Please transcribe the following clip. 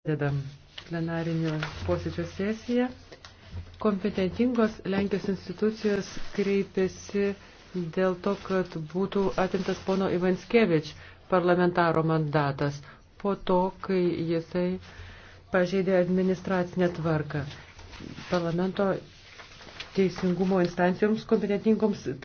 Pradedam plenarinio posėdžio sesiją. Kompetentingos Lenkijos institucijos kreipėsi dėl to, kad būtų atimtas pono Ivanskevič parlamentaro mandatas po to, kai jisai pažeidė administracinę tvarką. Parlamento teisingumo instancijoms kompetentingoms